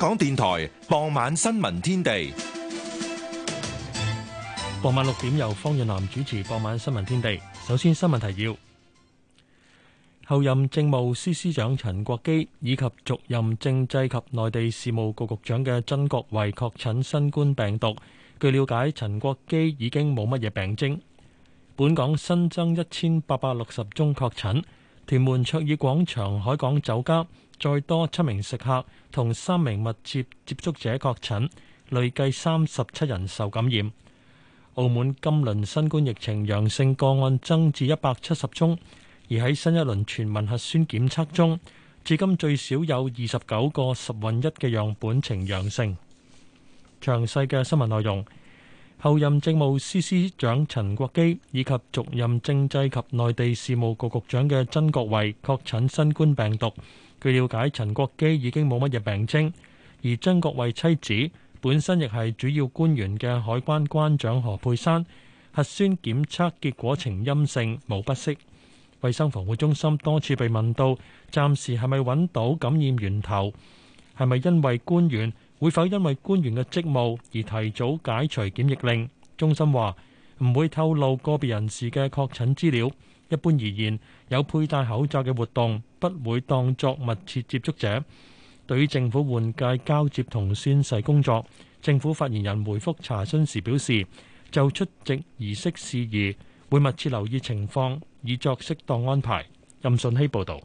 港電台傍晚新聞天地，傍晚六點由方潤南主持傍晚新聞天地。首先新聞提要：候任政務司司長陳國基以及續任政制及內地事務局局長嘅曾國衛確診新冠病毒。據了解，陳國基已經冇乜嘢病徵。本港新增一千八百六十宗確診，屯門卓爾廣場海港酒家。再多七名食客同三名密切接觸者確診，累計三十七人受感染。澳門今輪新冠疫情陽性個案增至一百七十宗，而喺新一輪全民核酸檢測中，至今最少有二十九個十混一嘅樣本呈陽性。詳細嘅新聞內容，候任政務司司長陳國基以及續任政制及內地事務局局長嘅曾國衞確診新冠病毒。據瞭解，陳國基已經冇乜嘢病徵，而曾國衛妻子本身亦係主要官員嘅海關關長何佩珊，核酸檢測結果呈陰性，冇不適。衛生防護中心多次被問到，暫時係咪揾到感染源頭？係咪因為官員？會否因為官員嘅職務而提早解除檢疫令？中心話唔會透露個別人士嘅確診資料。一般而言，有佩戴口罩嘅活動不會當作密切接觸者。對於政府換屆交接同宣誓工作，政府發言人回覆查詢時表示，就出席儀式事宜會密切留意情況，以作適當安排。任信希報道。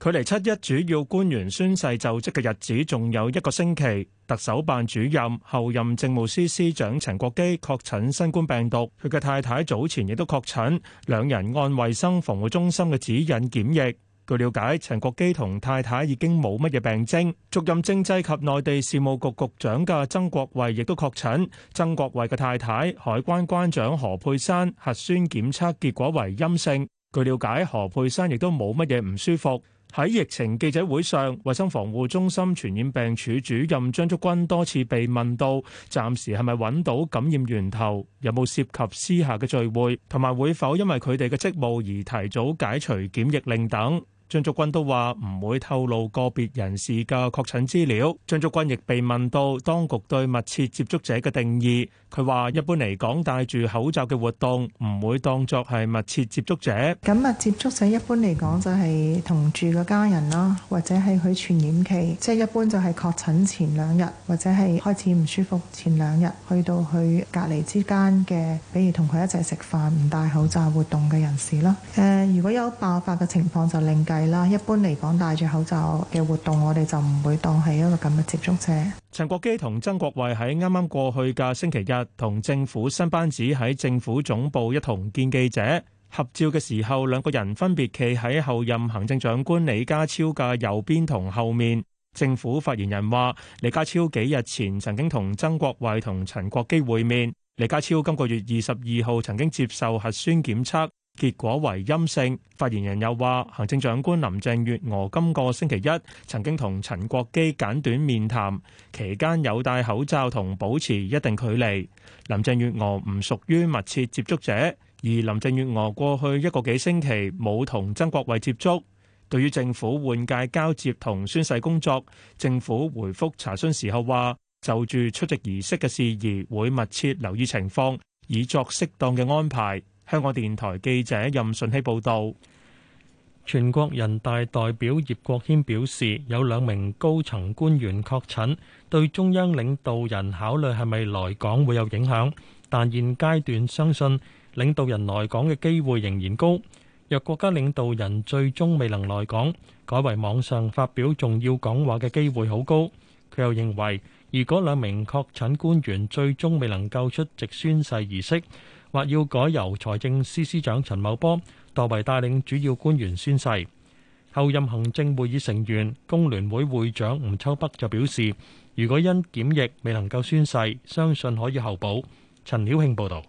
距離七一主要官員宣誓就職嘅日子仲有一個星期，特首辦主任、後任政務司司長陳國基確診新冠病毒，佢嘅太太早前亦都確診，兩人按衛生防護中心嘅指引檢疫。據了解，陳國基同太太已經冇乜嘢病徵。續任政制及內地事務局局長嘅曾國衛亦都確診，曾國衛嘅太太海關關長何佩珊核酸檢測結果為陰性。據了解，何佩珊亦都冇乜嘢唔舒服。喺疫情記者會上，衞生防護中心傳染病處主任張竹君多次被問到，暫時係咪揾到感染源頭，有冇涉及私下嘅聚會，同埋會否因為佢哋嘅職務而提早解除檢疫令等。張竹君都話唔會透露個別人士嘅確診資料。張竹君亦被問到當局對密切接觸者嘅定義，佢話一般嚟講，戴住口罩嘅活動唔會當作係密切接觸者。咁密切接觸者一般嚟講就係同住嘅家人啦，或者係佢傳染期，即係一般就係確診前兩日，或者係開始唔舒服前兩日，去到佢隔離之間嘅，比如同佢一齊食飯唔戴口罩活動嘅人士囉。誒，如果有爆發嘅情況就另計。啦，一般嚟講，戴住口罩嘅活動，我哋就唔會當係一個咁嘅接觸者。陳國基同曾國衞喺啱啱過去嘅星期日，同政府新班子喺政府總部一同見記者合照嘅時候，兩個人分別企喺後任行政長官李家超嘅右邊同後面。政府發言人話：李家超幾日前曾經同曾國衞同陳國基會面。李家超今個月二十二號曾經接受核酸檢測。結果為陰性。發言人又話，行政長官林鄭月娥今個星期一曾經同陳國基簡短面談，期間有戴口罩同保持一定距離。林鄭月娥唔屬於密切接觸者，而林鄭月娥過去一個幾星期冇同曾國衛接觸。對於政府換屆交接同宣誓工作，政府回覆查詢時候話，就住出席儀式嘅事宜會密切留意情況，以作適當嘅安排。香港電台記者任順熙報道。全國人大代表葉國謙表示，有兩名高層官員確診，對中央領導人考慮係咪來港會有影響，但現階段相信領導人來港嘅機會仍然高。若國家領導人最終未能來港，改為網上發表重要講話嘅機會好高。佢又認為，如果兩名確診官員最終未能夠出席宣誓儀式，或要改由財政司司長陳茂波代為帶領主要官員宣誓。候任行政會議成員、工聯會會長吳秋北就表示，如果因檢疫未能夠宣誓，相信可以候補。陳曉慶報導。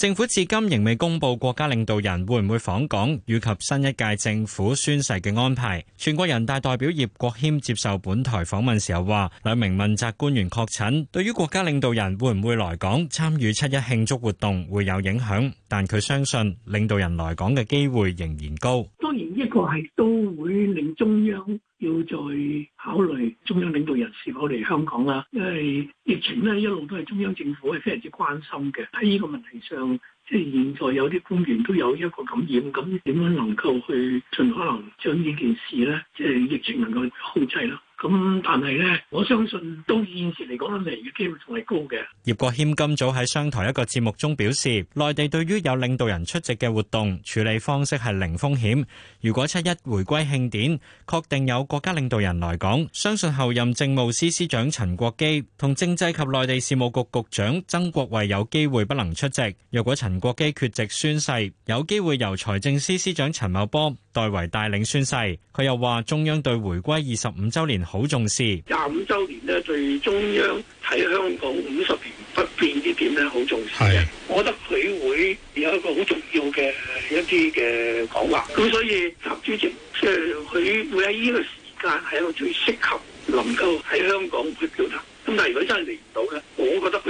政府至今仍未公布國家領導人會唔會訪港，以及新一屆政府宣誓嘅安排。全國人大代表葉國謙接受本台訪問時候話，兩名問責官員確診，對於國家領導人會唔會來港參與七一慶祝活動會有影響，但佢相信領導人來港嘅機會仍然高。個係都會令中央要再考慮中央領導人是否嚟香港啦，因為疫情咧一路都係中央政府係非常之關心嘅。喺呢個問題上，即係現在有啲官員都有一個感染，咁點樣能夠去盡可能將呢件事咧，即係疫情能夠控制咯。咁但係咧，我相信到現時嚟講，嚟嘅機會仲係高嘅。葉國謙今早喺商台一個節目中表示，內地對於有領導人出席嘅活動處理方式係零風險。如果七一回歸慶典確定有國家領導人來港，相信候任政務司司長陳國基同政制及內地事務局局長曾國衞有機會不能出席。若果陳國基缺席宣誓，有機會由財政司司長陳茂波代為帶領宣誓。佢又話，中央對回歸二十五週年好重視。廿五周年咧，對中央喺香港五十年不變呢點咧，好重視嘅是、呃。我覺得佢會有一個好重要嘅一啲嘅講話。咁所以習主席即係佢會喺呢個時間係一個最適合能夠喺香港去表達。咁但係，如果真係嚟唔到咧，我覺得佢。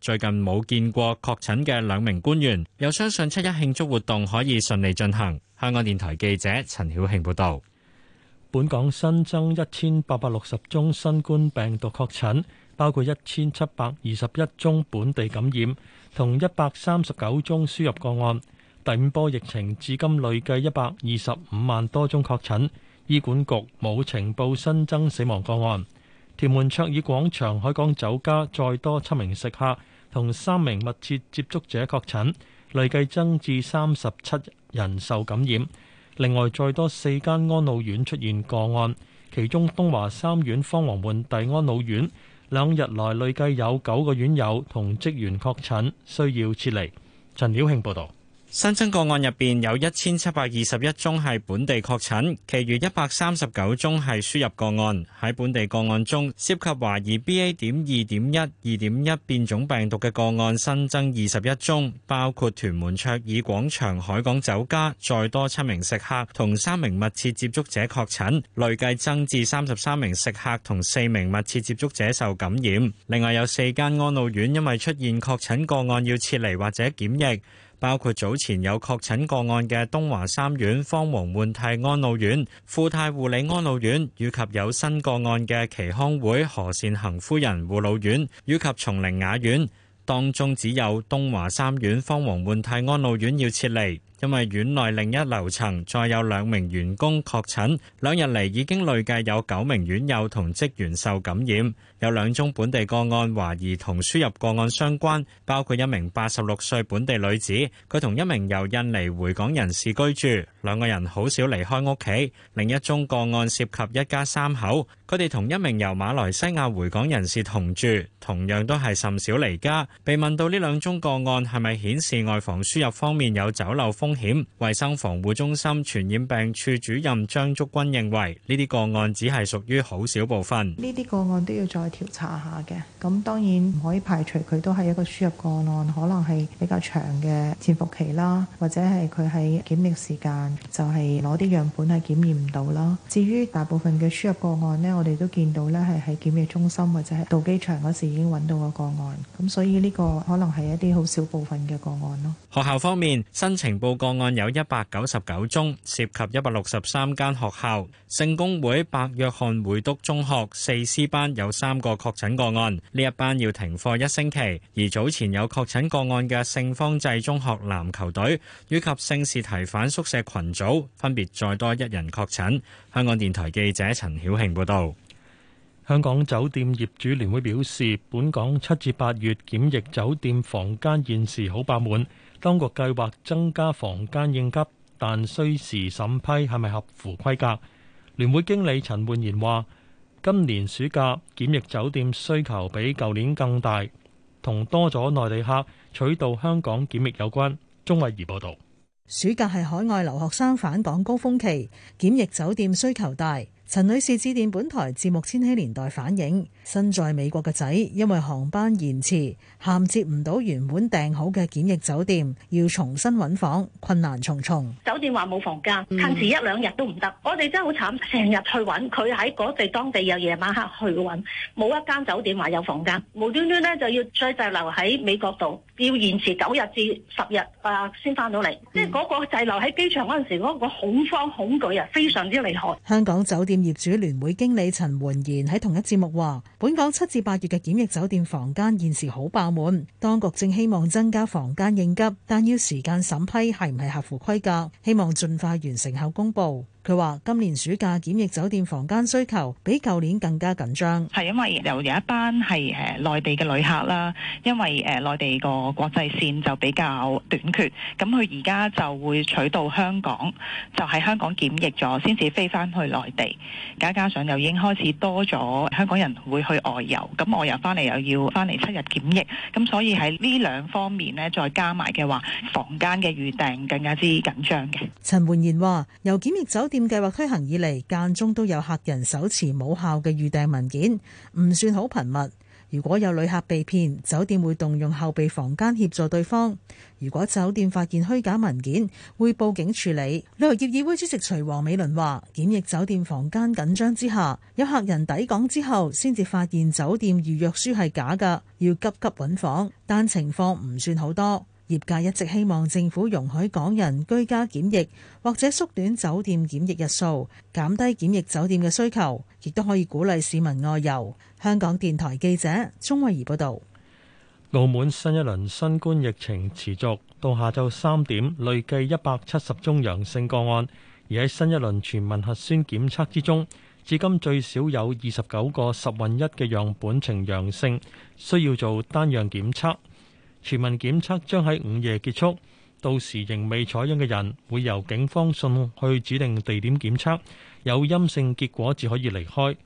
最近冇見過確診嘅兩名官員，又相信七一慶祝活動可以順利進行。香港電台記者陳曉慶報道。本港新增一千八百六十宗新冠病毒確診，包括一千七百二十一宗本地感染，同一百三十九宗輸入個案。第五波疫情至今累計一百二十五萬多宗確診，醫管局冇情報新增死亡個案。屯門卓爾廣場海港酒家再多七名食客同三名密切接觸者確診，累計增至三十七人受感染。另外再多四間安老院出現個案，其中東華三院方皇門第安老院兩日內累計有九個院友同職員確診，需要撤離。陳曉慶報道。新增個案入面有一千七百二十一宗係本地確診，其餘一百三十九宗係輸入個案。喺本地個案中，涉及懷疑 BA. 點二點一二點一變種病毒嘅個案新增二十一宗，包括屯門卓爾廣場海港酒家再多七名食客同三名密切接觸者確診，累計增至三十三名食客同四名密切接觸者受感染。另外有四間安老院因為出現確診個案要撤離或者檢疫。包括早前有確診個案嘅東華三院方黃煥泰安老院、富泰護理安老院，以及有新個案嘅耆康會何善衡夫人護老院，以及松齡雅苑，當中只有東華三院方黃煥泰安老院要撤離。因為院內另一樓層再有兩名員工確診，兩日嚟已經累計有九名院友同職員受感染。有兩宗本地個案懷疑同輸入個案相關，包括一名八十六歲本地女子，佢同一名由印尼回港人士居住，兩個人好少離開屋企。另一宗個案涉及一家三口，佢哋同一名由馬來西亞回港人士同住，同樣都係甚少離家。被問到呢兩宗個案係咪顯示外防輸入方面有走漏風風險，衛生防護中心傳染病處主任張竹君認為，呢啲個案只係屬於好少部分。呢啲個案都要再調查下嘅，咁當然唔可以排除佢都係一個輸入個案，案，可能係比較長嘅潛伏期啦，或者係佢喺檢疫時間就係攞啲樣本係檢驗唔到啦。至於大部分嘅輸入個案咧，我哋都見到咧係喺檢疫中心或者係到機場嗰時已經揾到個個案，咁所以呢個可能係一啲好少部分嘅個案咯。學校方面，申請報。個案有一百九十九宗，涉及一百六十三間學校。聖公會白約翰會督中學四 C 班有三個確診個案，呢一班要停課一星期。而早前有確診個案嘅聖方濟中學籃球隊，以及聖士提反宿舍群組，分別再多一人確診。香港電台記者陳曉慶報道。香港酒店業主聯會表示，本港七至八月檢疫酒店房間現時好爆滿。當局計劃增加房間應急，但需時審批，係咪合乎規格？聯會經理陳煥然話：今年暑假檢疫酒店需求比舊年更大，同多咗內地客取道香港檢疫有關。鐘惠儀報道：暑假係海外留學生返港高峯期，檢疫酒店需求大。陳女士致電本台節目《千禧年代》反映，身在美國嘅仔因為航班延遲，銜接唔到原本訂好嘅檢疫酒店，要重新揾房，困難重重。酒店話冇房間，延時一兩日都唔得。我哋真係好慘，成日去揾佢喺嗰地當地有夜晚黑去揾，冇一間酒店話有房間，無端端呢，就要再滯留喺美國度，要延遲九日至十日啊先翻到嚟。嗯、即係嗰個滯留喺機場嗰陣時，嗰、嗰個、恐慌恐懼啊，非常之厲害。香港酒店。業主聯會經理陳煥賢喺同一節目話，本港七至八月嘅檢疫酒店房間現時好爆滿，當局正希望增加房間應急，但要時間審批係唔係合乎規格，希望盡快完成後公布。佢話今年暑假檢疫酒店房間需求比舊年更加緊張，係因為又有一班係誒內地嘅旅客啦，因為誒內地個國際線就比較短缺，咁佢而家就會取到香港，就喺香港檢疫咗，先至飛翻去內地。加加上又已經開始多咗香港人會去外遊，咁外遊翻嚟又要翻嚟七日檢疫，咁所以喺呢兩方面咧，再加埋嘅話房間嘅預訂更加之緊張嘅。陳煥賢話由檢疫酒店。店計劃推行以嚟，間中都有客人手持冇效嘅預訂文件，唔算好頻密。如果有旅客被騙，酒店會動用後備房間協助對方。如果酒店發現虛假文件，會報警處理。旅遊業議會主席徐王美倫話：檢疫酒店房間緊張之下，有客人抵港之後，先至發現酒店預約書係假㗎，要急急揾房，但情況唔算好多。業界一直希望政府容許港人居家檢疫，或者縮短酒店檢疫日數，減低檢疫酒店嘅需求，亦都可以鼓勵市民外遊。香港電台記者鍾慧儀報道。澳門新一輪新冠疫情持續，到下晝三點累計一百七十宗陽性個案，而喺新一輪全民核酸檢測之中，至今最少有二十九個十混一嘅樣本呈陽性，需要做單樣檢測。全民檢測將喺午夜結束，到時仍未採樣嘅人會由警方送去指定地點檢測，有陰性結果至可以離開。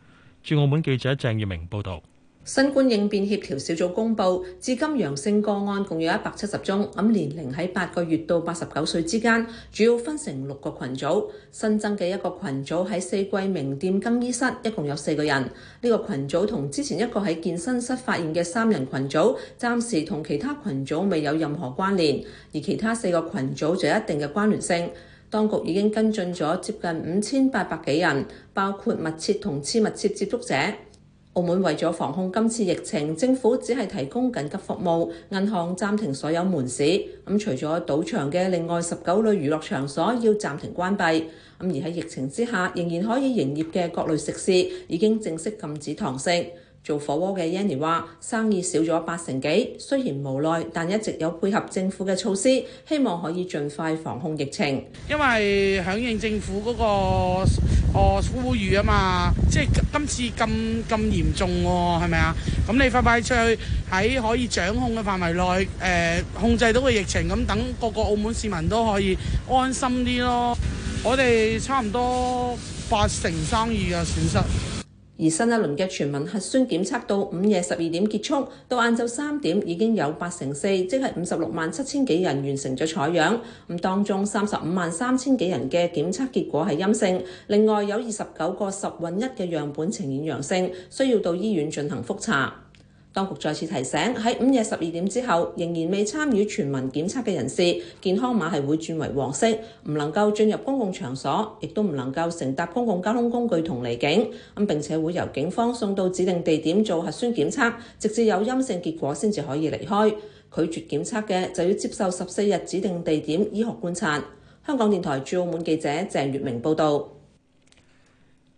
駐澳門記者鄭月明報導。新冠應變協調小組公佈，至今陽性個案共有一百七十宗，咁年齡喺八個月到八十九歲之間，主要分成六個群組。新增嘅一個群組喺四季名店更衣室，一共有四個人。呢、這個群組同之前一個喺健身室發現嘅三人群組，暫時同其他群組未有任何關聯，而其他四個群組就有一定嘅關聯性。當局已經跟進咗接近五千八百幾人，包括密切同次密切接觸者。澳門為咗防控今次疫情，政府只係提供緊急服務，銀行暫停所有門市。咁除咗賭場嘅，另外十九類娛樂場所要暫停關閉，咁而喺疫情之下仍然可以營業嘅各類食肆，已經正式禁止堂食。做火鍋嘅 Yanny 話：生意少咗八成幾，雖然無奈，但一直有配合政府嘅措施，希望可以盡快防控疫情。因為響應政府嗰、那個哦呼籲啊嘛，即係今次咁咁嚴重喎、哦，係咪啊？咁你快快出去喺可以掌控嘅範圍內，誒、呃、控制到個疫情，咁等個個澳門市民都可以安心啲咯。我哋差唔多八成生意嘅損失。而新一輪嘅全民核酸檢測到午夜十二點結束，到晏晝三點已經有八成四，即係五十六萬七千幾人完成咗採樣。咁當中三十五萬三千幾人嘅檢測結果係陰性，另外有二十九個十混一嘅樣本呈現陽性，需要到醫院進行覆查。當局再次提醒，喺午夜十二點之後仍然未參與全民檢測嘅人士，健康碼係會轉為黃色，唔能夠進入公共場所，亦都唔能夠乘搭公共交通工具同離境。咁並且會由警方送到指定地點做核酸檢測，直至有陰性結果先至可以離開。拒絕檢測嘅就要接受十四日指定地點醫學觀察。香港電台駐澳門記者鄭月明報道。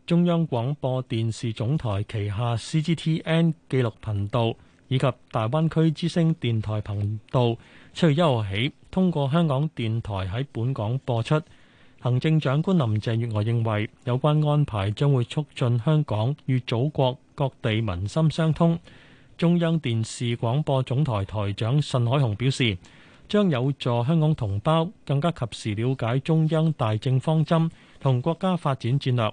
中央廣播電視總台旗下 CGTN 紀錄頻道以及大灣區之聲電台頻道，七月一號起通過香港電台喺本港播出。行政長官林鄭月娥認為，有關安排將會促進香港與祖國各地民心相通。中央電視廣播總台台長慎海雄表示，將有助香港同胞更加及時了解中央大政方針同國家發展戰略。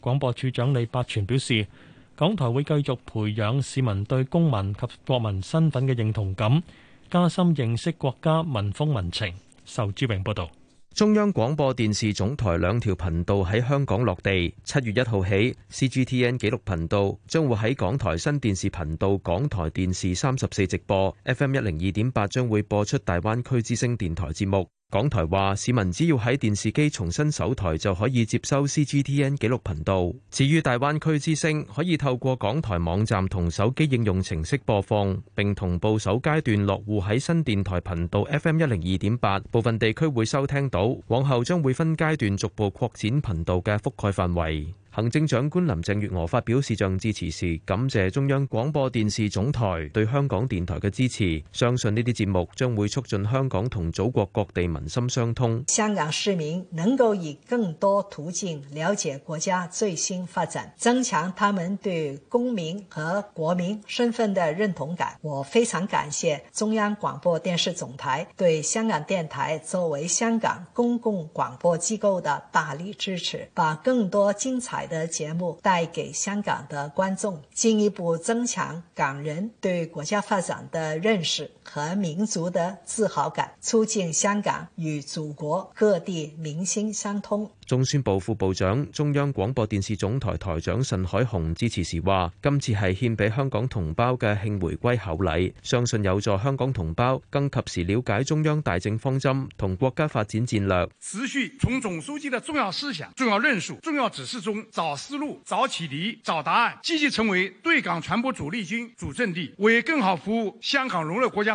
廣播處長李百全表示，港台會繼續培養市民對公民及國民身份嘅認同感，加深認識國家民風民情。仇志榮報道，中央廣播電視總台兩條頻道喺香港落地，七月一號起，c g t n 紀錄頻道將會喺港台新電視頻道港台電視三十四直播，FM 一零二點八將會播出大灣區之聲電台節目。港台話市民只要喺電視機重新搜台就可以接收 CGTN 紀錄頻道。至於大灣區之聲，可以透過港台網站同手機應用程式播放，並同步首階段落戶喺新電台頻道 FM 一零二點八，部分地區會收聽到。往後將會分階段逐步擴展頻道嘅覆蓋範圍。行政長官林鄭月娥發表視像致辭時，感謝中央廣播電視總台對香港電台嘅支持，相信呢啲節目將會促進香港同祖國各地民心相通，香港市民能夠以更多途徑了解國家最新發展，增強他們對公民和國民身份的認同感。我非常感謝中央廣播電視總台對香港電台作為香港公共廣播機構的大力支持，把更多精彩的節目帶給香港的觀眾，進一步增強港人對國家發展的認識。和民族的自豪感，促進香港與祖國各地民心相通。中宣部副部長、中央廣播電視總台台長慎海雄致辭時話：今次係獻俾香港同胞嘅慶回歸厚禮，相信有助香港同胞更及時了解中央大政方針同國家發展戰略。持續從總書記的重要思想、重要論述、重要指示中找思路、找啟迪、找答案，積極成為對港傳播主力軍、主陣地，為更好服務香港融入國家。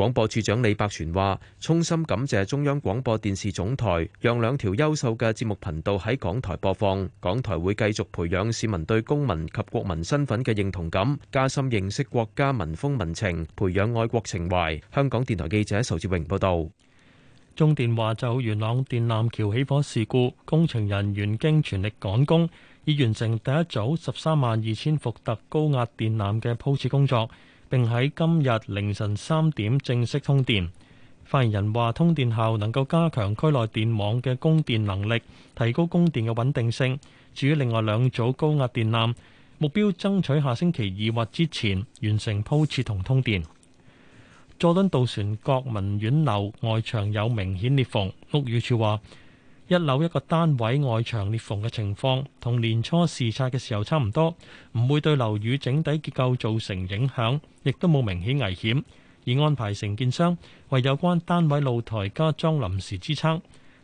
廣播處長李百全話，衷心感謝中央廣播電視總台，讓兩條優秀嘅節目頻道喺港台播放。港台會繼續培養市民對公民及國民身份嘅認同感，加深認識國家民風民情，培養愛國情懷。香港電台記者仇志榮報道。中電話就元朗電纜橋起火事故，工程人員經全力趕工，已完成第一組十三萬二千伏特高壓電纜嘅鋪設工作。並喺今日凌晨三點正式通電。發言人話：通電後能夠加強區內電網嘅供電能力，提高供電嘅穩定性。至於另外兩組高壓電纜，目標爭取下星期二或之前完成鋪設同通電。佐敦渡船國民院樓外牆有明顯裂縫，屋宇署話。一樓一個單位外牆裂縫嘅情況，同年初視察嘅時候差唔多，唔會對樓宇整體結構造成影響，亦都冇明顯危險，已安排承建商為有關單位露台加裝臨時支撐。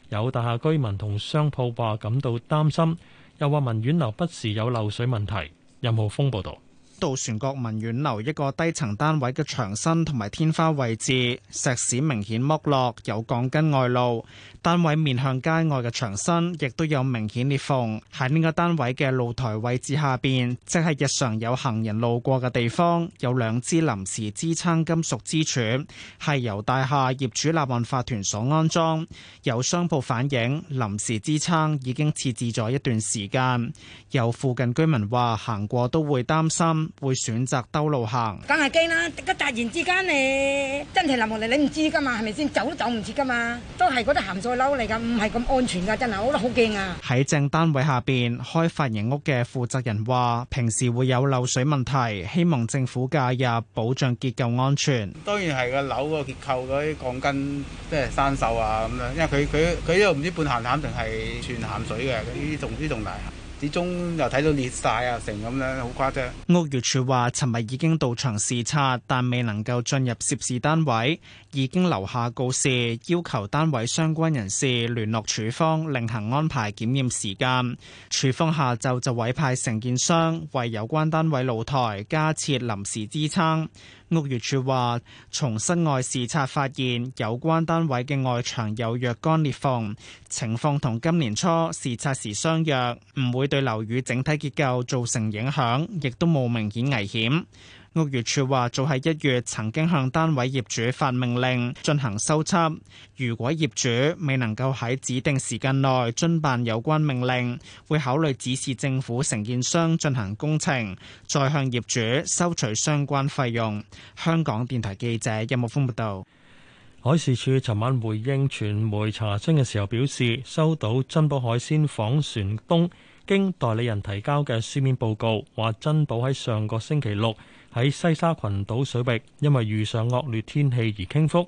有大廈居民同商鋪話感到擔心，又話文苑樓不時有漏水問題。任浩峯報導。渡船國民院樓一個低層單位嘅牆身同埋天花位置，石屎明顯剝落，有鋼筋外露。單位面向街外嘅牆身亦都有明顯裂縫。喺呢個單位嘅露台位置下邊，即係日常有行人路過嘅地方，有兩支臨時支撐金屬支柱，係由大廈業主立案法團所安裝。有商鋪反映，臨時支撐已經設置咗一段時間。有附近居民話，行過都會擔心。會選擇兜路行，梗係驚啦！突然之間你真係淋落嚟，你唔知噶嘛，係咪先走都走唔切噶嘛，都係嗰啲鹹水樓嚟噶，唔係咁安全噶，真係我覺得好驚啊！喺正單位下邊開髮型屋嘅負責人話，平時會有漏水問題，希望政府介入保障結構安全。當然係個樓個結構嗰啲鋼筋即係生銹啊咁樣，因為佢佢佢呢度唔知半鹹淡定係全鹹水嘅，呢啲仲呢啲仲大。始終又睇到裂晒啊，成咁樣好誇張。屋宇署話，尋日已經到場視察，但未能夠進入涉事單位，已經留下告示，要求單位相關人士聯絡署方，另行安排檢驗時間。署方下晝就委派承建商為有關單位露台加設臨時支撐。屋宇署話：從室外視察發現，有關單位嘅外牆有若干裂縫，情況同今年初視察時相若，唔會對樓宇整體結構造成影響，亦都冇明顯危險。屋宇署話，早喺一月曾經向單位業主發命令進行修葺，如果業主未能夠喺指定時間內遵辦有關命令，會考慮指示政府承建商進行工程，再向業主收取相關費用。香港電台記者任木峰報道。海事處尋晚回應傳媒查詢嘅時候表示，收到珍寶海鮮舫船東經代理人提交嘅書面報告，話珍寶喺上個星期六。喺西沙群島水域，因為遇上惡劣天氣而傾覆。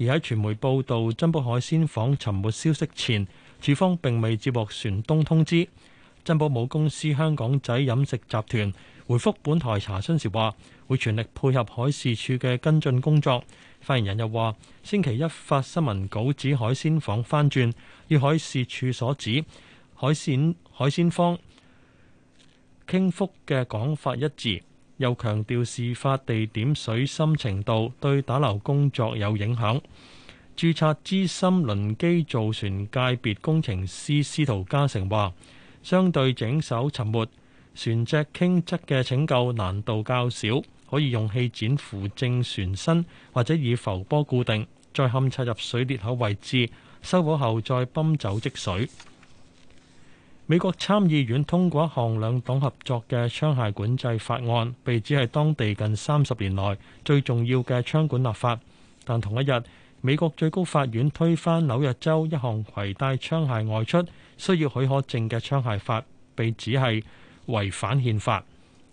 而喺傳媒報道珍寶海鮮舫沉沒消息前，處方並未接獲船東通知。珍寶母公司香港仔飲食集團回覆本台查詢時話，會全力配合海事處嘅跟進工作。發言人又話，星期一發新聞稿指海鮮舫翻轉，與海事處所指海鮮海鮮舫傾覆嘅講法一致。又強調事發地點水深程度對打撈工作有影響。註冊資深輪機造船界別工程師司徒嘉誠話，相對整艘沉沒、船隻傾側嘅拯救難度較少，可以用氣墊扶正船身，或者以浮波固定，再探察入水裂口位置，修補後再泵走積水。美國參議院通過一項兩黨合作嘅槍械管制法案，被指係當地近三十年來最重要嘅槍管立法。但同一日，美國最高法院推翻紐約州一項攜帶槍械外出需要許可證嘅槍械法，被指係違反憲法。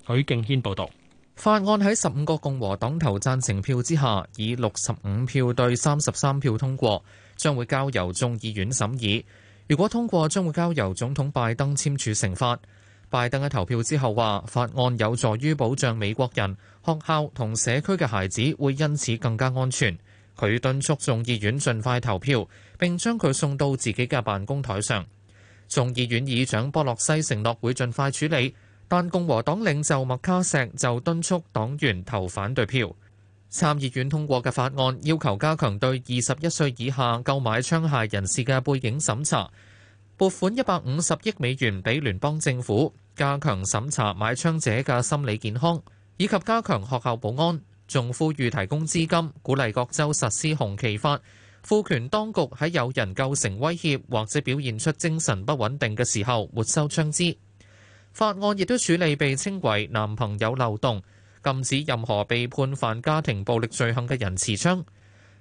許敬軒報導，法案喺十五個共和黨投贊成票之下，以六十五票對三十三票通過，將會交由眾議院審議。如果通過，將會交由總統拜登簽署成法。拜登喺投票之後話：法案有助於保障美國人、學校同社區嘅孩子會因此更加安全。佢敦促眾議院盡快投票，並將佢送到自己嘅辦公台上。眾議院議長波洛西承諾會盡快處理，但共和黨領袖麥卡錫就敦促黨員投反對票。參議院通過嘅法案要求加強對二十一歲以下購買槍械人士嘅背景審查，撥款一百五十億美元俾聯邦政府，加強審查買槍者嘅心理健康，以及加強學校保安。仲呼籲提供資金，鼓勵各州實施紅旗法，賦權當局喺有人構成威脅或者表現出精神不穩定嘅時候沒收槍支。法案亦都處理被稱為「男朋友漏洞」。禁止任何被判犯家庭暴力罪行嘅人持槍。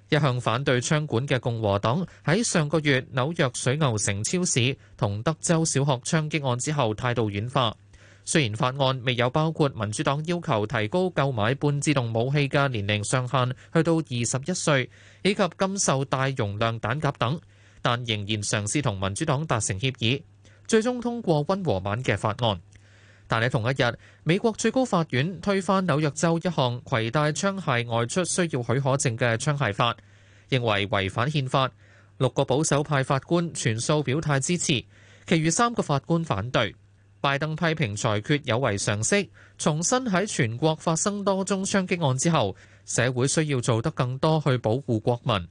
一向反對槍管嘅共和黨喺上個月紐約水牛城超市同德州小學槍擊案之後態度軟化。雖然法案未有包括民主黨要求提高購買半自動武器嘅年齡上限去到二十一歲，以及禁售大容量彈夾等，但仍然嘗試同民主黨達成協議，最終通過溫和版嘅法案。但喺同一日，美國最高法院推翻紐約州一項携帶槍械外出需要許可證嘅槍械法，認為違反憲法。六個保守派法官全數表態支持，其餘三個法官反對。拜登批評裁決有違常識，重新喺全國發生多宗槍擊案之後，社會需要做得更多去保護國民。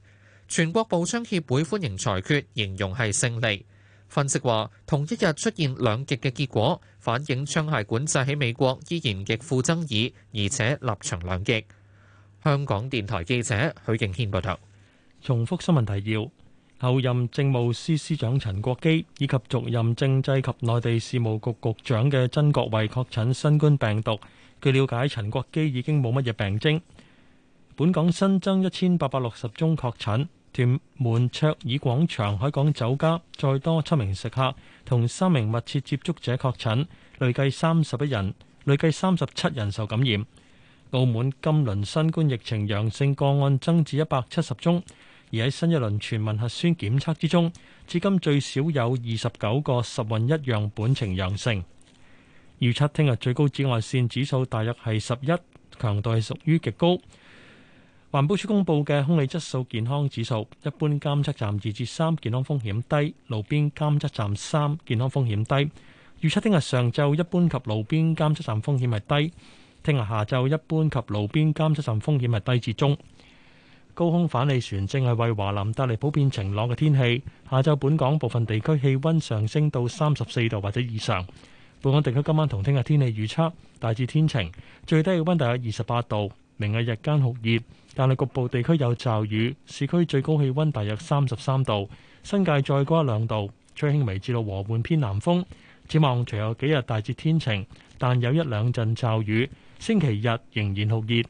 全國步槍協會歡迎裁決，形容係勝利。分析話，同一日出現兩極嘅結果。反映槍械管制喺美國依然極富爭議，而且立場兩極。香港電台記者許敬軒報導。重複新聞提要：後任政務司司長陳國基以及續任政制及內地事務局局長嘅曾國衞確診新冠病毒。據了解，陳國基已經冇乜嘢病徵。本港新增一千八百六十宗確診。屯門卓爾廣場海港酒家再多七名食客同三名密切接觸者確診，累計三十一人，累計三十七人受感染。澳門今輪新冠疫情陽性個案增至一百七十宗，而喺新一輪全民核酸檢測之中，至今最少有二十九個十混一樣本呈陽性。預測聽日最高紫外線指數大約係十一，強度係屬於極高。環保署公布嘅空氣質素健康指數，一般監測站二至三，健康風險低；路邊監測站三，健康風險低。預測聽日上晝一般及路邊監測站風險係低，聽日下晝一般及路邊監測站風險係低至中。高空反氣旋正係為華南帶嚟普遍晴朗嘅天氣。下晝本港部分地區氣溫上升到三十四度或者以上。本港地區今晚同聽日天氣預測大致天晴，最低嘅溫度係二十八度。明日日間酷熱，但係局部地區有驟雨。市區最高氣溫大約三十三度，新界再高一兩度。吹輕微至到和緩偏南風。展望隨後幾日大致天晴，但有一兩陣驟雨。星期日仍然酷熱。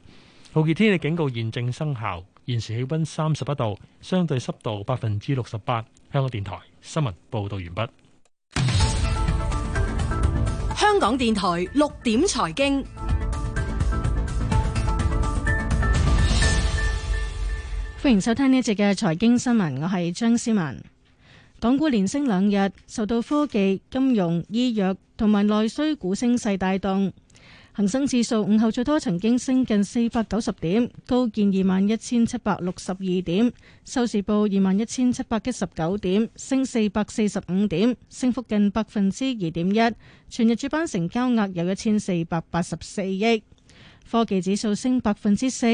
酷熱天氣警告現正生效。現時氣溫三十一度，相對濕度百分之六十八。香港電台新聞報道完畢。香港電台六點財經。歡迎收聽呢一節嘅財經新聞，我係張思文。港股連升兩日，受到科技、金融、醫藥同埋內需股升勢帶動，恒生指數午後最多曾經升近四百九十點，高見二萬一千七百六十二點，收市報二萬一千七百一十九點，升四百四十五點，升幅近百分之二點一。全日主板成交額有一千四百八十四億，科技指數升百分之四。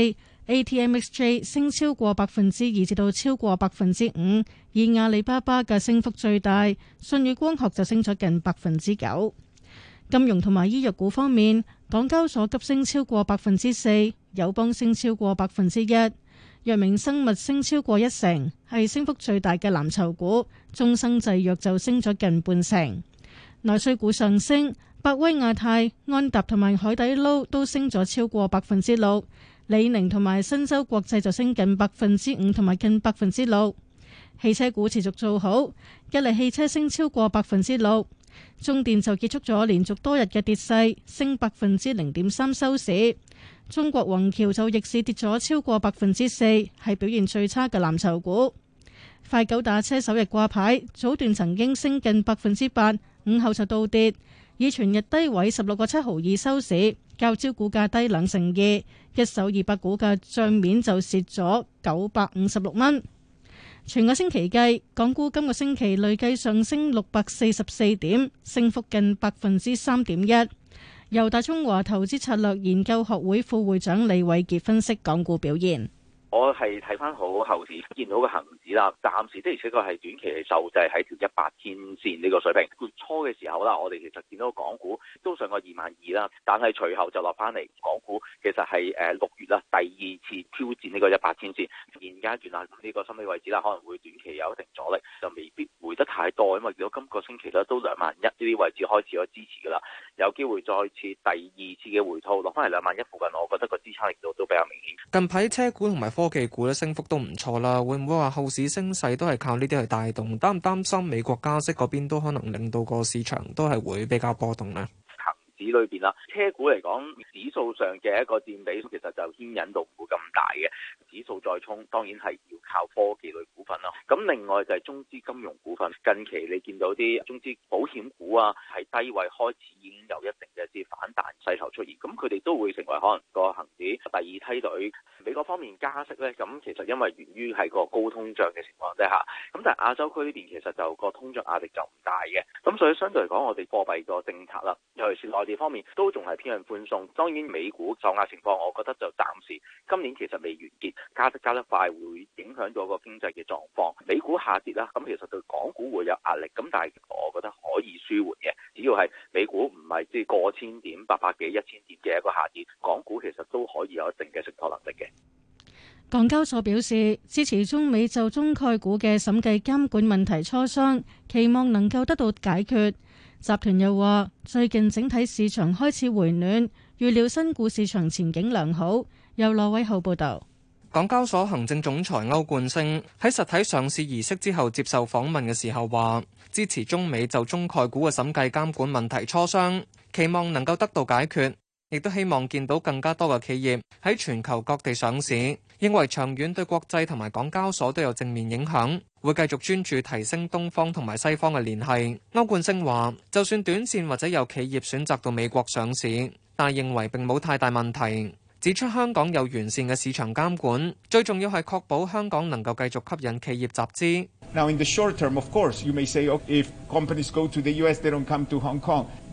ATMXJ 升超過百分之二，至到超過百分之五。以阿里巴巴嘅升幅最大，信宇光學就升咗近百分之九。金融同埋醫藥股方面，港交所急升超過百分之四，友邦升超過百分之一，藥明生物升超過一成，係升幅最大嘅藍籌股。中生製藥就升咗近半成。內需股上升，百威亞太、安踏同埋海底撈都升咗超過百分之六。李寧同埋新洲國際就升近百分之五同埋近百分之六，汽車股持續做好，吉利汽車升超過百分之六，中電就結束咗連續多日嘅跌勢，升百分之零點三收市。中國宏橋就逆市跌咗超過百分之四，係表現最差嘅藍籌股。快狗打車首日掛牌，早段曾經升近百分之八，午後就倒跌，以全日低位十六個七毫二收市。較招股價低兩成二，一手二百股價賬面就蝕咗九百五十六蚊。全個星期計，港股今個星期累計上升六百四十四點，升幅近百分之三點一。由大中華投資策略研究學會副會長李偉傑分析港股表現。我係睇翻好後市，見到個恆指啦，暫時的而且確係短期係受制喺條一百天線呢個水平。月初嘅時候啦，我哋其實見到港股都上過二萬二啦，但係隨後就落翻嚟。港股其實係誒六月啦，第二次挑戰呢個一百天線，現階段啊呢個心理位置啦可能會短期有一定阻力，就未必回得太多，因為如果今個星期咧都兩萬一呢啲位置開始咗支持噶啦，有機會再次第二次嘅回吐，落翻嚟兩萬一附近，我覺得個支撐力度都都比較明顯。近排車股同埋。科技股咧升幅都唔錯啦，會唔會話後市升勢都係靠呢啲去帶動，擔唔擔心美國加息嗰邊，都可能令到個市場都係會比較波動咧？恒指裏邊啦，車股嚟講指數上嘅一個佔比其實就牽引到唔會咁大嘅。指數再衝，當然係要靠科技類股份啦。咁另外就係中資金融股份，近期你見到啲中資保險股啊，係低位開始已經有一定嘅一啲反彈勢頭出現，咁佢哋都會成為可能個恆指第二梯隊。美國方面加息呢，咁其實因為源於係個高通脹嘅情況之下，咁但係亞洲區呢邊其實就個通脹壓力就唔大嘅，咁所以相對嚟講，我哋貨幣個政策啦，尤其是內地方面都仲係偏向寬鬆。當然美股受壓情況，我覺得就暫時今年其實未完結。加得加得快，會影響咗個經濟嘅狀況，美股下跌啦，咁其實對港股會有壓力。咁但係我覺得可以舒緩嘅，只要係美股唔係即係過千點八百幾一千點嘅一個下跌，港股其實都可以有一定嘅承托能力嘅。港交所表示，支持中美就中概股嘅審計監管問題磋商，期望能夠得到解決，集團又話最近整體市場開始回暖，預料新股市場前景良好。由羅偉浩報道。港交所行政總裁歐冠升喺實體上市儀式之後接受訪問嘅時候話，支持中美就中概股嘅審計監管問題磋商，期望能夠得到解決，亦都希望見到更加多嘅企業喺全球各地上市，認為長遠對國際同埋港交所都有正面影響，會繼續專注提升東方同埋西方嘅聯繫。歐冠升話，就算短線或者有企業選擇到美國上市，但認為並冇太大問題。指出香港有完善嘅市場監管，最重要係確保香港能夠繼續吸引企業集資。Now,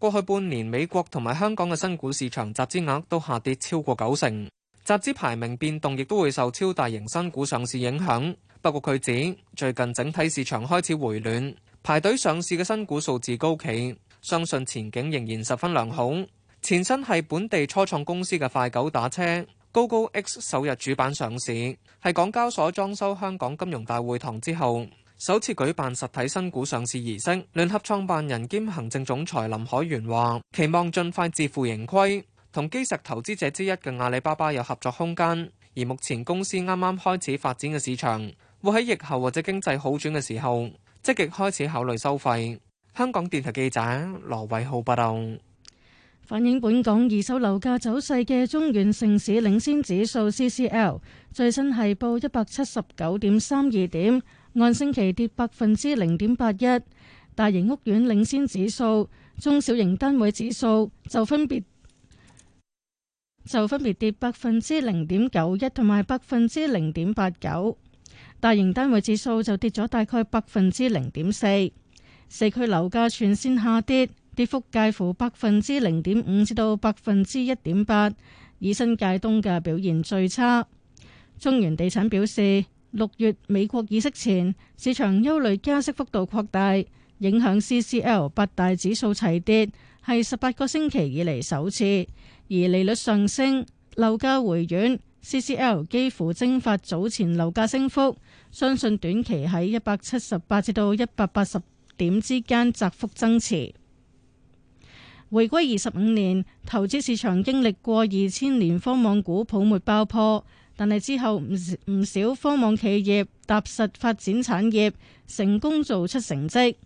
過去半年，美國同埋香港嘅新股市場集資額都下跌超過九成。集資排名變動亦都會受超大型新股上市影響。不過佢指，最近整體市場開始回暖，排隊上市嘅新股數字高企，相信前景仍然十分良好。前身係本地初創公司嘅快狗打車，GOGOX 首日主板上市，係港交所裝修香港金融大會堂之後，首次舉辦實體新股上市儀式，聯合創辦人兼行政總裁林海源話：期望盡快自負盈虧，同基石投資者之一嘅阿里巴巴有合作空間。而目前公司啱啱開始發展嘅市場，會喺疫後或者經濟好轉嘅時候積極開始考慮收費。香港電台記者羅偉浩報導。反映本港二手樓價走勢嘅中原城市領先指數 CCL 最新係報一百七十九點三二點，按星期跌百分之零點八一，大型屋苑領先指數，中小型單位指數就分別就分別跌百分之零點九一同埋百分之零點八九，大型單位指數就跌咗大概百分之零點四。四區樓價全線下跌，跌幅介乎百分之零點五至到百分之一點八，以新界東嘅表現最差。中原地產表示，六月美國議息前，市場憂慮加息幅度擴大，影響 CCL 八大指數齊跌，係十八個星期以嚟首次。而利率上升，樓價回暖，CCL 幾乎蒸發早前樓價升幅，相信短期喺一百七十八至到一百八十點之間窄幅增持。回歸二十五年，投資市場經歷過二千年科網股泡沫爆破。但係之後唔唔少科網企業踏實發展產業，成功做出成績。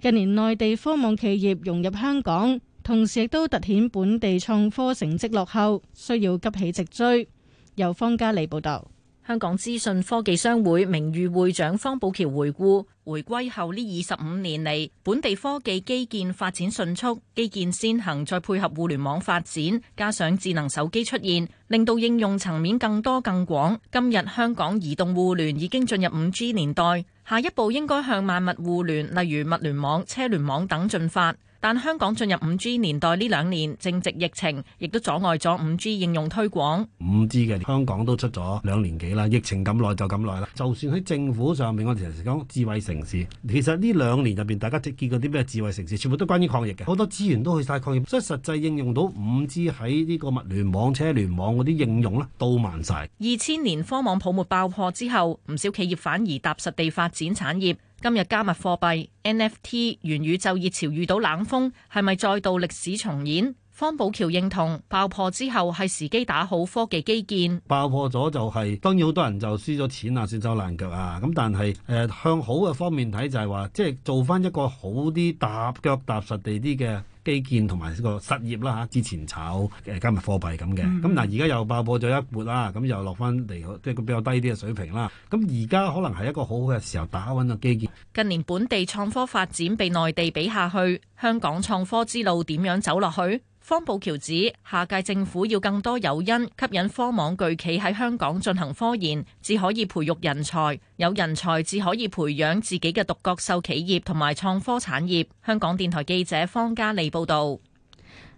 近年內地科網企業融入香港，同時亦都凸顯本地創科成績落後，需要急起直追。由方家利報道。香港資訊科技商會名譽會長方寶橋回顧，回歸後呢二十五年嚟，本地科技基建發展迅速，基建先行再配合互聯網發展，加上智能手機出現，令到應用層面更多更廣。今日香港移動互聯已經進入五 G 年代，下一步應該向萬物互聯，例如物聯網、車聯網等進發。但香港進入五 G 年代呢兩年，正值疫情，亦都阻礙咗五 G 應用推廣。五 G 嘅香港都出咗兩年幾啦，疫情咁耐就咁耐啦。就算喺政府上面，我哋成日講智慧城市，其實呢兩年入邊，大家即見過啲咩智慧城市，全部都關於抗疫嘅，好多資源都去晒抗疫，所以實際應用到五 G 喺呢個物聯網、車聯網嗰啲應用啦，都慢晒。二千年科網泡沫爆破之後，唔少企業反而踏實地發展產業。今日加密貨幣 NFT 元宇宙熱潮遇到冷風，係咪再度歷史重演？方保僑認同爆破之後係時機打好科技基建。爆破咗就係、是、當然好多人就輸咗錢啊，算走爛腳啊。咁但係誒、呃、向好嘅方面睇就係、是、話、就是，即係做翻一個好啲踏腳踏實地啲嘅基建同埋呢個實業啦嚇。之前炒誒加密貨幣咁嘅咁嗱，而家、嗯、又爆破咗一撥啦，咁又落翻嚟即係個比較低啲嘅水平啦。咁而家可能係一個好好嘅時候打穩個基建。近年本地創科發展被內地比下去，香港創科之路點樣走落去？方寶橋指，下屆政府要更多誘因吸引科網巨企喺香港進行科研，只可以培育人才，有人才只可以培養自己嘅獨角獸企業同埋創科產業。香港電台記者方嘉利報道。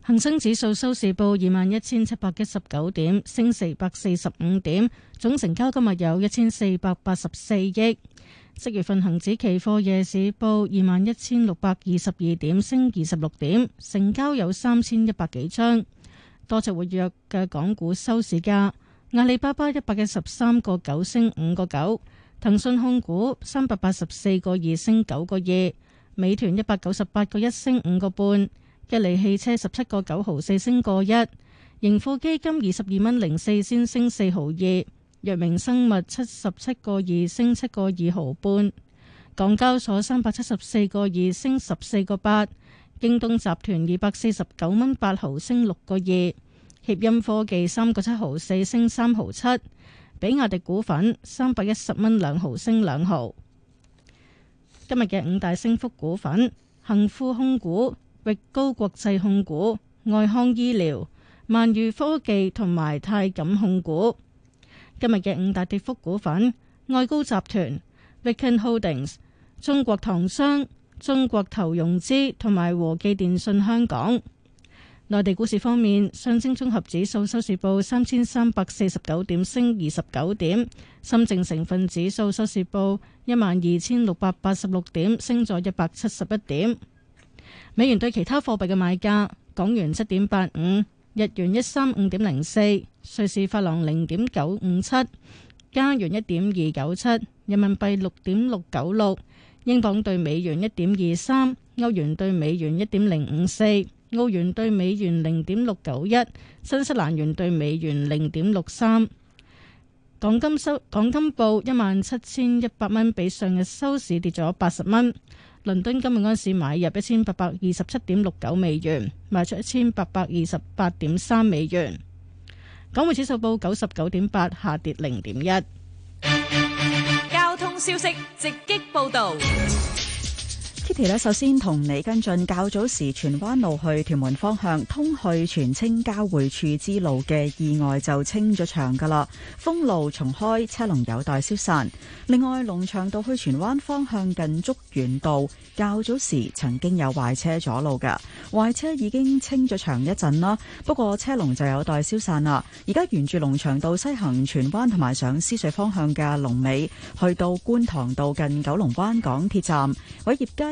恒生指數收市報二萬一千七百一十九點，升四百四十五點，總成交今日有一千四百八十四億。七月份恒指期貨夜市報二萬一千六百二十二點，升二十六點，成交有三千一百幾張。多隻活躍嘅港股收市價：阿里巴巴一百一十三個九升五個九，騰訊控股三百八十四個二升九個二，美團一百九十八個一升五個半，吉利汽車十七個九毫四升個一，盈富基金二十二蚊零四先升四毫二。藥明生物七十七個二升七個二毫半，港交所三百七十四個二升十四個八，京東集團二百四十九蚊八毫升六個二，協鑫科技三個七毫四升三毫七，比亞迪股份三百一十蚊兩毫升兩毫。今日嘅五大升幅股份：恒富控股、域高國際控股、愛康醫療、萬裕科技同埋泰錦控股。今日嘅五大跌幅股份：外高集團、Vikings Holdings、中國糖商、中國投融資同埋和記電訊香港。內地股市方面，上證綜合指數收市報三千三百四十九點，升二十九點；深證成分指數收市報一萬二千六百八十六點，升咗一百七十一點。美元對其他貨幣嘅買價：港元七點八五，日元一三五點零四。瑞士法郎零點九五七，加元一點二九七，人民幣六點六九六，英鎊兌美元一點二三，歐元兌美元一點零五四，澳元兌美元零點六九一，新西蘭元兌美元零點六三。港金收港金報一萬七千一百蚊，比上日收市跌咗八十蚊。倫敦金今日開市買入一千八百二十七點六九美元，賣出一千八百二十八點三美元。港匯指數報九十九點八，下跌零點一。交通消息直擊報道。Kitty 咧，首先同你跟進較早時荃灣路去屯門方向通去荃青交匯處支路嘅意外就清咗場噶啦，封路重開，車龍有待消散。另外，龍翔道去荃灣方向近竹園道，較早時曾經有壞車阻路嘅，壞車已經清咗場一陣啦，不過車龍就有待消散啦。而家沿住龍翔道西行荃灣同埋上獅隧方向嘅龍尾，去到觀塘道近九龍灣港鐵站偉業街。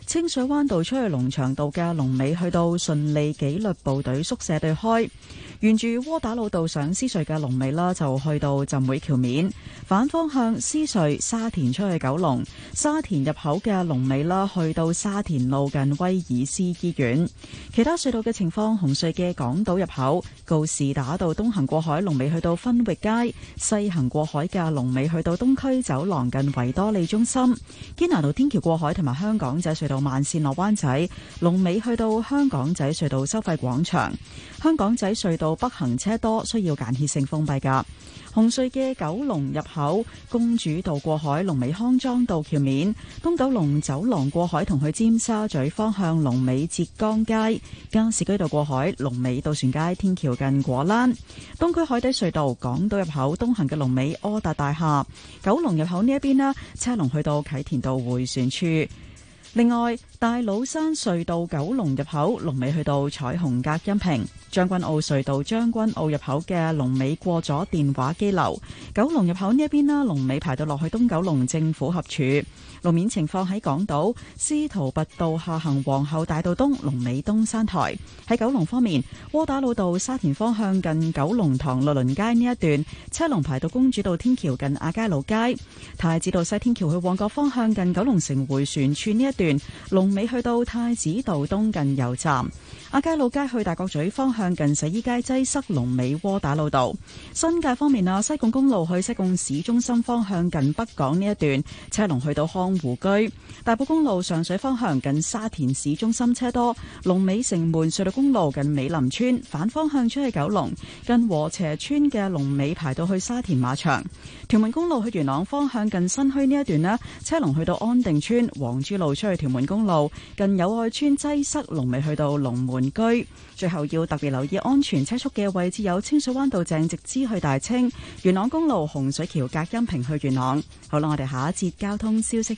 清水灣道出去龍翔道嘅龍尾去到順利紀律部隊宿舍對開，沿住窩打老道上獅隧嘅龍尾啦，就去到浸會橋面。反方向獅隧沙田出去九龍，沙田入口嘅龍尾啦，去到沙田路近威爾斯醫院。其他隧道嘅情況，紅隧嘅港島入口告士打道東行過海龍尾去到分域街，西行過海嘅龍尾去到東區走廊近維多利中心。堅拿道天橋過海同埋香港仔隧道。慢線落灣仔龍尾，龍去到香港仔隧道收費廣場。香港仔隧道北行車多，需要間歇性封閉噶紅隧嘅九龍入口，公主道過海龍尾康莊道橋面，東九龍走廊過海同去尖沙咀方向龍尾浙江街加士居道過海龍尾渡船街天橋近果欄，東區海底隧道港島入口東行嘅龍尾柯達大廈九龍入口呢一邊咧車龍去到啟田道回旋處。另外，大老山隧道九龍入口龍尾去到彩虹隔音屏，將軍澳隧道將軍澳入口嘅龍尾過咗電話機樓，九龍入口呢一邊啦，龍尾排到落去東九龍政府合署。路面情況喺港島司徒拔道下行皇后大道東龍尾東山台；喺九龍方面，窩打老道沙田方向近九龍塘六鄰街呢一段車龍排到公主道天橋近亞皆老街；太子道西天橋去旺角方向近九龍城迴旋處呢一段龍尾去到太子道東近油站；亞皆老街去大角咀方向近洗衣街擠塞龍尾窩打老道；新界方面啊，西貢公路去西貢市中心方向近北港呢一段車龍去到康湖居，大埔公路上水方向近沙田市中心車多，龍尾城門隧道公路近美林村反方向出去九龍，近禾輋村嘅龍尾排到去沙田馬場。屯門公路去元朗方向近新墟呢一段呢，車龍去到安定村黃珠路，出去屯門公路，近友愛村擠塞龍尾去到龍門居。最後要特別留意安全車速嘅位置有清水灣道正直支去大清，元朗公路洪水橋隔音屏去元朗。好啦，我哋下一節交通消息。